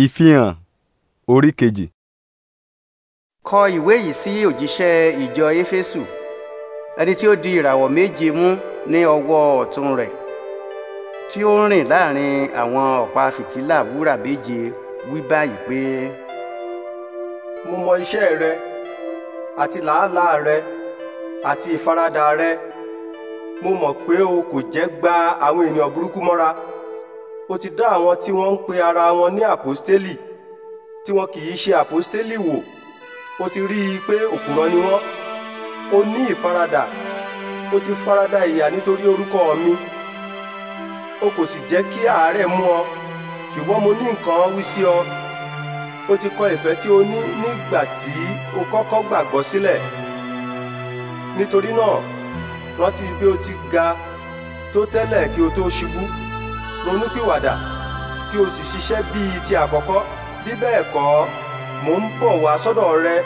ìfihàn orí kejì. kọ ìwé yìí sí òjíṣẹ́ ìjọ éfésù ẹni tí ó di ìràwọ̀ méje mú ní ọwọ́ ọ̀tún rẹ̀ tí ó ń rìn láàrin àwọn ọ̀pá fìtílà wúrà méje wí báyìí pé. mo mọ iṣẹ́ rẹ àti làálàá rẹ àti ìfaradà rẹ mo mọ̀ pé o kò jẹ́ gba àwọn ènìyàn burúkú mọ́ra ó ti dá àwọn tí wọ́n ń pe ara wọn ní àpọ́stélì tí wọn kì í ṣe àpọ́stélì wò ó ti rí i pé òpùrọ́ ni wọ́n ó ní ìfaradà ó ti farada ìyà nítorí orúkọ mi o kò sì jẹ́ kí àárẹ̀ mú ọ ṣùgbọ́n mo ní nǹkan wí sí ọ ó ti kọ ìfẹ́ tí o ní nígbà tí o kọ́kọ́ gbàgbọ́ sílẹ̀ nítorí náà rántí bí o ti ga tó tẹ́lẹ̀ kí o tó ṣubú ronúpìwàdà kí o sì ṣiṣẹ́ bíi ti àkọ́kọ́ bí bẹ́ẹ̀ kọ́ mò ń bọ̀ wá sọ́dọ̀ rẹ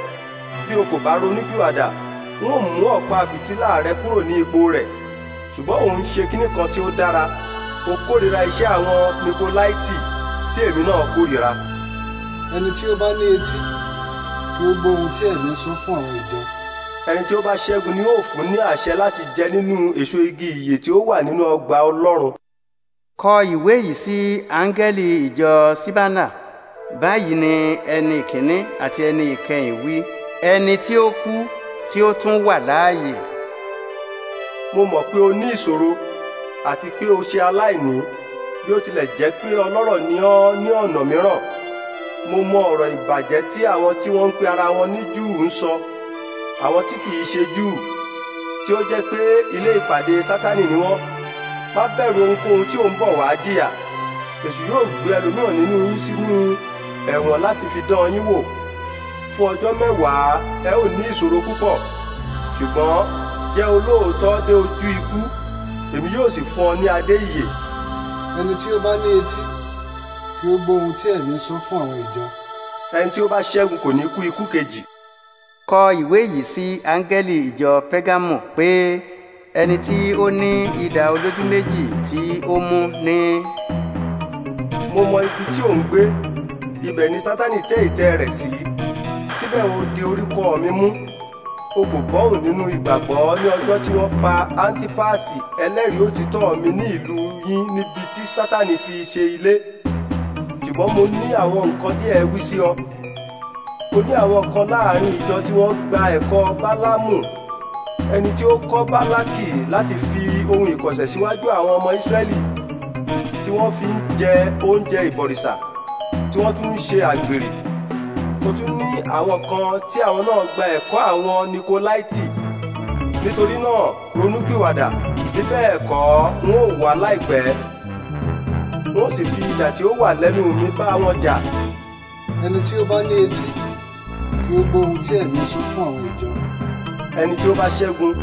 bí o kò bá ronúpìwàdà n ó mú ọ̀pá fìtílà rẹ kúrò ní ipò rẹ̀ ṣùgbọ́n òun ṣe kíní kan tí ó dára o kórìíra iṣẹ́ àwọn nikolaiti tí èmi náà kórìíra. ẹni tí ó bá ní etí kí ó gbọ́ ohun tí ẹ̀mí sọ fún àwọn ìjọ. ẹni tí ó bá ṣẹ́gun ni yóò fún ní àṣẹ láti jẹ nínú èso igi ìyè tí ó wà nínú ọgbà ọlọ́run kọ ìwé yìí sí áńgẹ́lì ìjọ síbánà báyìí ni ẹni ìkíní àti ẹni ìkẹyìn wí ẹni tí ó kú tí ó tún wà láàyè. mo mọ̀ pé o ní ìṣòro àti pé o ṣe aláìní bí ó tilẹ̀ jẹ́ pé ọlọ́rọ̀ ni ọ́ ní ọ̀nà mìíràn mo mọ ọ̀rọ̀ ìbàjẹ́ tí àwọn tí wọ́n ń pe ara wọn ní júù ń sọ àwọn tí kì í ṣe júù tí ó jẹ́ pé ilé ìpàdé sátánì ni wọ́n má bẹ̀rù ohunkóhun tí ò ń bọ̀ wá jìyà èṣù yóò gbé ẹlòmíràn nínú yín sínú ẹ̀wọ̀n láti fi dán yín wò fún ọjọ́ mẹ́wàá ẹ ò ní ìṣòro púpọ̀ ṣùgbọ́n jẹ́ olóòótọ́ dé ojú ikú èmi yóò sì fún ọ ní adé ìyè. ẹni tí ó bá ní etí kí ó gbọ́ tí ẹ̀mí sọ fún àwọn ìjọ. ẹni tí ó bá ṣẹ́gun kò ní kú ikú kejì. kọ ìwé yìí sí áńgẹ́lì ìjọ pẹ́gámù pé. Pe ẹni tí ó ní idà olójú méjì tí ó mú ní. mo mọ ibi tí ò ń gbé ibẹ̀ ni sátani tẹ́ ìtẹ́ rẹ̀ sí síbẹ̀ o di orúkọ mi mú o kò bọ́hùn nínú ìgbàgbọ́ ní ọjọ́ tí wọ́n pa antipasi ẹlẹ́rìí òtítọ́ mi ní ìlú yín níbi tí sátani fi ṣe ilé ṣùgbọ́n mo ní àwọn nǹkan díẹ̀ wí sí ọ o ní àwọn kan láàrin ìjọ tí wọ́n gba ẹ̀kọ́ bálámù ẹni tí ó kọ́ Bálákì láti fi ohun ìkọ̀sẹ̀ síwájú àwọn ọmọ Ísírẹ́lì tí wọ́n fi ń jẹ oúnjẹ ìbọ̀rìṣà tí wọ́n tún ń ṣe àgbèrè ó tún ní àwọn kan tí àwọn náà gba ẹ̀kọ́ àwọn Nikolaiti nítorí náà ronúpìwàdà bí bẹ́ẹ̀ kọ́ wọn ò wá láìpẹ́ wọn sì fi idà tí ó wà lẹ́nu mi bá wọn jà. ẹni tí ó bá ní etí kí ó gbọ́ ohun tí ẹ̀mí sọ fún àwọn ìjọ ẹni tí ó bá ṣẹ́gun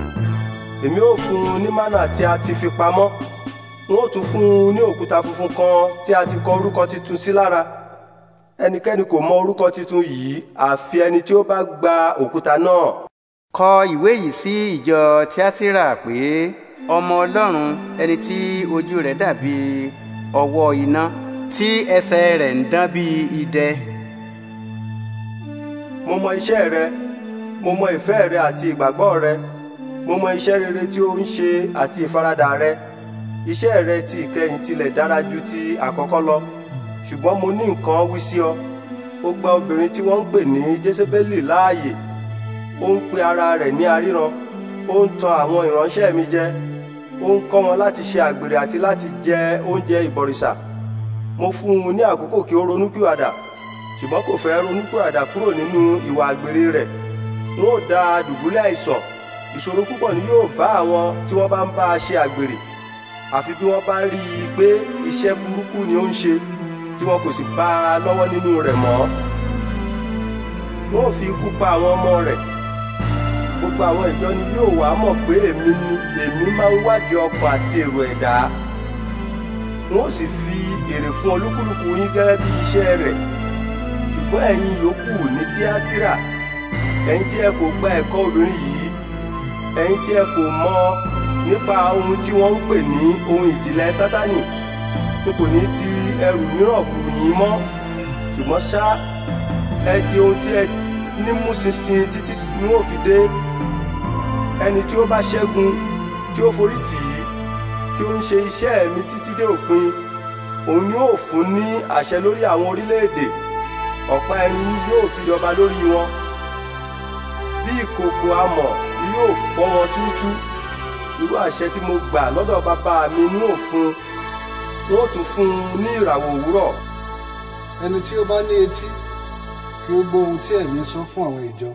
èmi ó fún un ní mánà tí a ti fi pamọ́ n ó tún fún un ní òkúta funfun kan tí a ti kọ orúkọ titun sí lára ẹnikẹ́ni kò mọ orúkọ titun yìí àfi ẹni tí ó bá gba òkúta náà. kọ ìwé yìí sí ìjọ tíátírà pé ọmọ ọlọ́run ẹni tí ojú rẹ̀ dàbí ọwọ́ iná tí ẹsẹ̀ rẹ̀ ń dán bí idẹ. mo mọ iṣẹ́ rẹ mo mọ ìfẹ́ rẹ àti ìgbàgbọ́ rẹ mo mọ iṣẹ́ rere tí ó ń ṣe àti ìfaradà rẹ iṣẹ́ rẹ ti ìkẹyìn tilẹ̀ dára ju ti àkọ́kọ́ lọ ṣùgbọ́n mo ní nǹkan wí sí ọ ó gba obìnrin tí wọ́n ń pè ní jésébélì láàyè ó ń pe ara rẹ̀ ní aríran ó ń tan àwọn ìránṣẹ́ mi jẹ ó ń kọ́ wọn láti ṣe àgbèrè àti láti jẹ oúnjẹ ìbọrìṣà mo fún un ní àkókò kí ó ronúpìwàdà ṣùgbọ́n kò fẹ́ ronúpìwàdà kúrò nínú ìwà àgbèrè rẹ̀ wọn ò da dùbúlẹ̀ àìsàn ìṣòro púpọ̀ ni yóò bá àwọn tí wọ́n bá ń bá a ṣe àgbèrè àfi bí wọ́n bá rí i pé iṣẹ́ burúkú ni ó ń ṣe tí wọn kò sì bá a lọ́wọ́ nínú rẹ̀ mọ́ wọn ò fi ikú pa àwọn ọmọ rẹ̀ gbogbo àwọn ìjọ ni yóò wá mọ̀ pé èmi ni èmi máa ń wádìí ọkàn àti èrò ẹ̀dá wọn ò sì fi èrè fún olúkúlùkù yín gẹ́gẹ́ bí iṣẹ́ rẹ̀ ṣùgbọ́n ẹ̀yin yòókù ní tíátírà ẹ̀yin tí ẹ kò gba ẹ̀kọ́ obìnrin yìí ẹ̀yin tí ẹ kò mọ̀ nípa ohun tí wọ́n ń pè ní ohun ìjìnlẹ̀ sátani n kò ní di ẹrù mìíràn fún yín mọ́ ṣùgbọ́n ṣá ẹ di ohun tí ẹ nímú ṣinṣin títí ni wọ́n fi dé ẹni tí ó bá ṣẹ́gun tí ó forí tì í tí ó ń ṣe iṣẹ́ mi títí dé òpin òun yóò fún ní àṣẹ lórí àwọn orílẹ̀-èdè ọ̀pá ẹni yóò fi jọba lórí wọn bí ìkòkò amọ̀ yóò fọ́ wọn túútú irú àṣẹ tí mo gbà lọ́dọ̀ bàbá mi ní òfun wọn ò tún fún un ní ìràwọ̀ òwúrọ̀. ẹni tí ó bá ní etí kí ó gbọ́ tí ẹ̀mí sọ fún àwọn ìjọ.